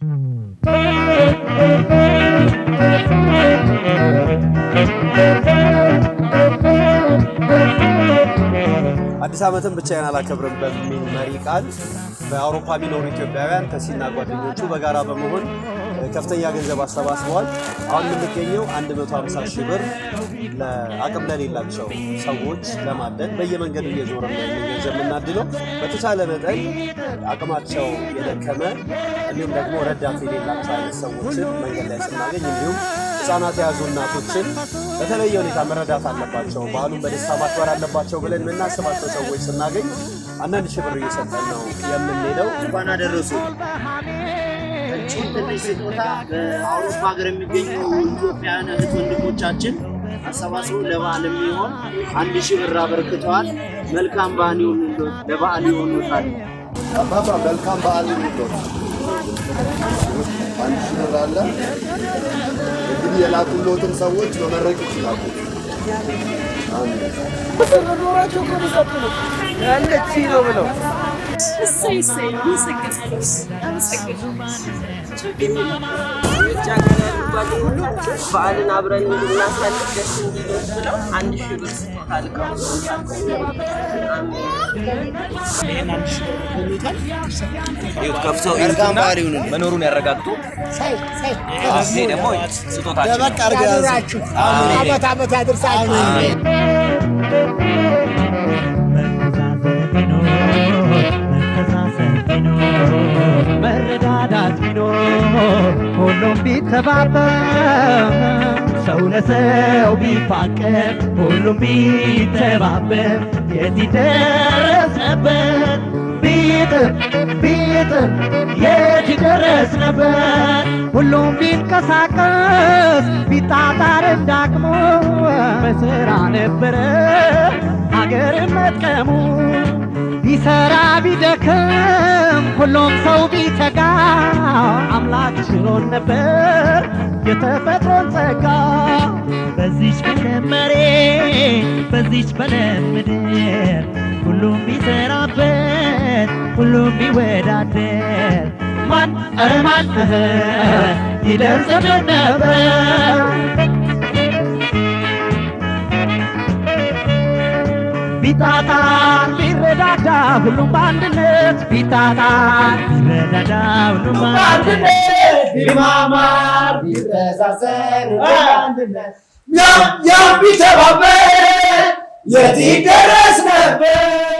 አዲስ ዓመትን ብቻዬን አላከብርም በሚል መሪ ቃል በአውሮፓ የሚኖሩ ኢትዮጵያውያን ከሲና ጓደኞቹ በጋራ በመሆን ከፍተኛ ገንዘብ አሰባስበዋል። አሁን የምንገኘው 150 ሺህ ብር አቅም ለሌላቸው ሰዎች ለማደን በየመንገዱ እየዞረ ገንዘብ የምናድለው በተቻለ መጠን አቅማቸው የደከመ እንዲሁም ደግሞ ረዳት የሌላቸው አይነት ሰዎችን መንገድ ላይ ስናገኝ እንዲሁም ህጻናት የያዙ እናቶችን በተለየ ሁኔታ መረዳት አለባቸው፣ ባህሉን በደስታ ማክበር አለባቸው ብለን የምናስባቸው ሰዎች ስናገኝ አንዳንድ ሺህ ብር እየሰጠን ነው የምንሄደው። እንኳን አደረሱ። ያላችሁን ትንሽ ስጦታ በአውሮፓ ሀገር የሚገኙ ኢትዮጵያውያን እህት ወንድሞቻችን አሰባስቦ ለበዓል የሚሆን አንድ ሺህ ብር አበርክተዋል። መልካም በዓል ይሁንልዎት። ለበዓል ይሁንልዎታል። አባባ መልካም በዓል ይሁንልዎት። አንድ ሺህ ብር አለ እንግዲህ የላኩልዎትን ሰዎች መመረቅ ይችላሉ። ኖራቸው ነው ብለው በዓልን አብረን እናሳልፍ ደስ እንዲለን ብለው አንድ ሺህ ብር ስጦታ ልከው መኖሩን ያረጋግጡ። ይሄ ደግሞ ስጦታችን ነው። ተባበር ሰው ለሰው ቢፋቀር ሁሉም ቢተባበር የዚህ ደረስነበት ቢጥር ቢጥር የዚህ ደረስነበት ሁሉም ቢንቀሳቀስ ቢጣጣር እንዳቅሙ በስራ ነበረ ሀገርን መጥቀሙ ቢሰራ ቢደክም የተፈጥሮን ጸጋ በዚች በሸመሬ በዚች በለምድር ሁሉም ቢሰራበት ሁሉም ቢወዳደር ማን ኧረ ማን ይደርስብን ነበር ቢታጣ ቢረዳዳ ሁሉም በአንድነት ቢታጣ ቢረዳዳ ሁሉም በአንድነት ቢማማር ቢተሳሰር ያ ቢተባበር የት ይደረስ ነበር።